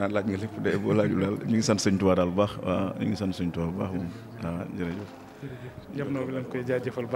naan laaj nga lépp de boo laajul daal a ngi sant sëñ Tuubaa daal bu baax waaw ñu ngi sant sëñ Tuubaa baax moom waaw jërëjëf. jërëjëf ñoom ñoo ngi leen koy jaajëfal